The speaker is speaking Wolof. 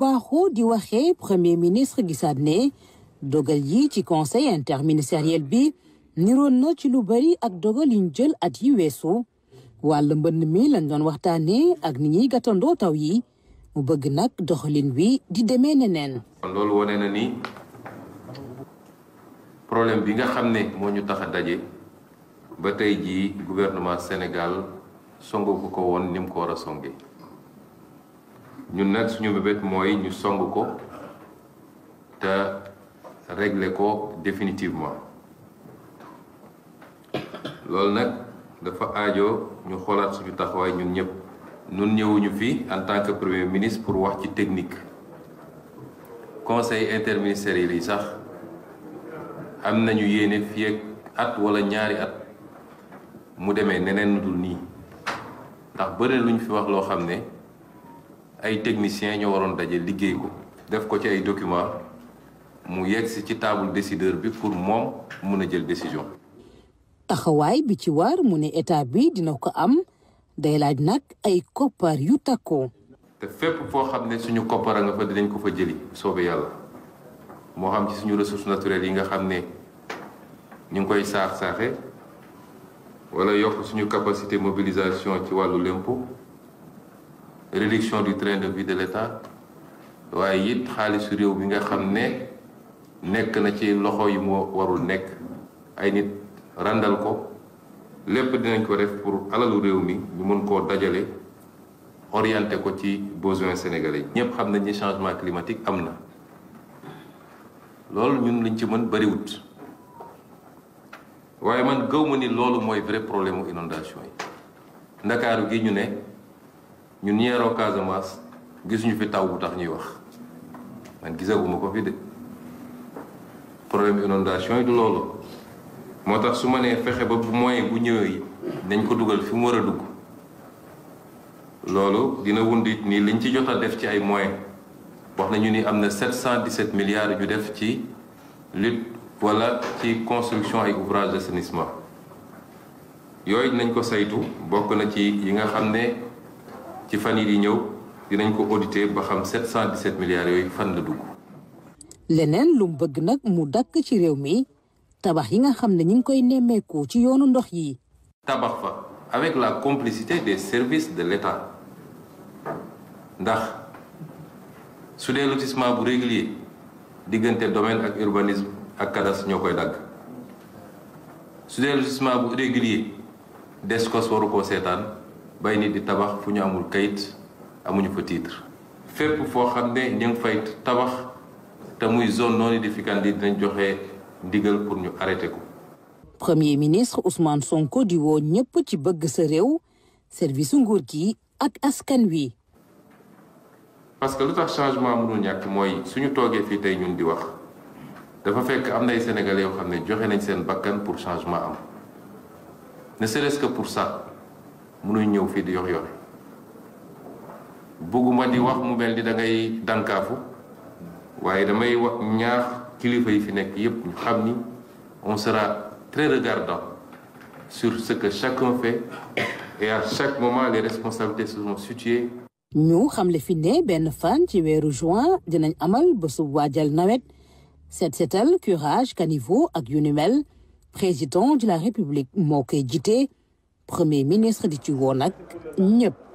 baaxoo di waxee premier ministre gisaat ne dogal yi ci conseil interministériel bi niroon na ci lu bari ak dogal jël at yi weesu wàll mbënn mi lañ doon waxtaanee ak ni ñuy gàttandoo taw yi mu bëgg nag doxalin wi di demee neneen. kon loolu wane na ni problème bi nga xam ne moo ñu tax a daje ba tey jii gouvernement Sénégal songu ko ko woon ni mu ko war a songee. ñun nag suñu mébét mooy ñu song ko te régler ko définitivement loolu nag dafa ajo ñu xoolaat suñu taxawaay ñun ñëpp ñun ñëwuñu fii en tant que premier ministre pour wax ci technique conseil interministériel yi sax am nañu yéene fii ak at wala ñaari at mu demee neneen dul nii ndax bëri luñ fi wax loo xam ne ay techniciens ñoo waroon daje liggéey ko def ko ci ay documents mu yegsi ci taabul décideur bi pour moom mun a jël décision. taxawaay bi ci waar mu ne état bi dina ko am day laaj nag ay koppar yu takku. te fépp foo xam ne suñu koppar nga fa dañ ko fa jëli soobee yàlla moo xam ci suñu ressources naturelles yi nga xam ne ñu ngi koy saax saaxe wala yokk suñu capacité mobilisation ci wàllu lémpo réduction du train de vie de l'État waaye it xaalisu réew bi nga xam ne nekk na ci loxo yi moo warul nekk ay nit randal ko lépp dinañ ko def pour alalu réew mi ñu mën koo dajale orienté ko ci besoin sénégalais yi ñëpp xam nañ ni changement climatique am na loolu ñun lañ ci mën bariwut waaye man gëw ma ni loolu mooy vrai problème mu inondation yi ndakaaru gi ñu ne ñun ñi yaroo Casamance gisuñu fi taw bu tax ñuy wax man gisaguma ko fi de problème inondation yi du loolu moo tax su ma nee fexe ba bu moyen bu ñëwee nañ ko dugal fi mu war a dugg loolu dina wundi nii liñ ci jot a def ci ay moyens wax nañu ni am na 717 milliards yu def ci lutte walla ci construction ay ouvrage d'assainissement yooyu nañ ko saytu bokk na ci yi nga xam ne ci fan yi di ñëw dinañ ko auditer ba xam 717 milliards yooyu fan la dugg. leneen lu mu bëgg nag mu dakk ci réew mi tabax yi nga xam ne ñu ngi koy nemmeeku ci yoonu ndox yi. tabax fa avec la complicité des services de l'État ndax su dee lotissement bu régulier diggante domaine ak urbanisme ak cadastre ñoo koy dagg su dee lotissement bu régulier DSCOS waru koo seetaan. bay nit di tabax fu ñu amul kayit amuñu fa titre fépp foo xam ne ñu ngi fay tabax te muy zone non aedificandi dinañ joxe ndigal pour ñu arrêté ko. premier ministre Ousmane Sonko di woo ñëpp ci bëgg sa réew service nguur gi ak askan wi. parce que lu tax changement mënul ñàkk mooy suñu toogee fii tey ñun di wax dafa fekk am na ay yoo xam ne joxe nañ seen bakkan pour changement am ne serait que pour ça. mënuñ ñëw fii di yox yox bëgguma wax mu mel ni da ngay dànkaafu waaye damay wax ñaax kilifa yi fi nekk yépp ñu xam ni on sera très regardant sur ce que chacun fait et à chaque moment les responsabilités seront situées. ñu xamle fi ne benn fan ci weeru juin dinañ amal bésu waajal nawet set setal curage caniveau ak yu ni mel président de la république moo koy jiite. mi ministre di ci woo nag ñëpp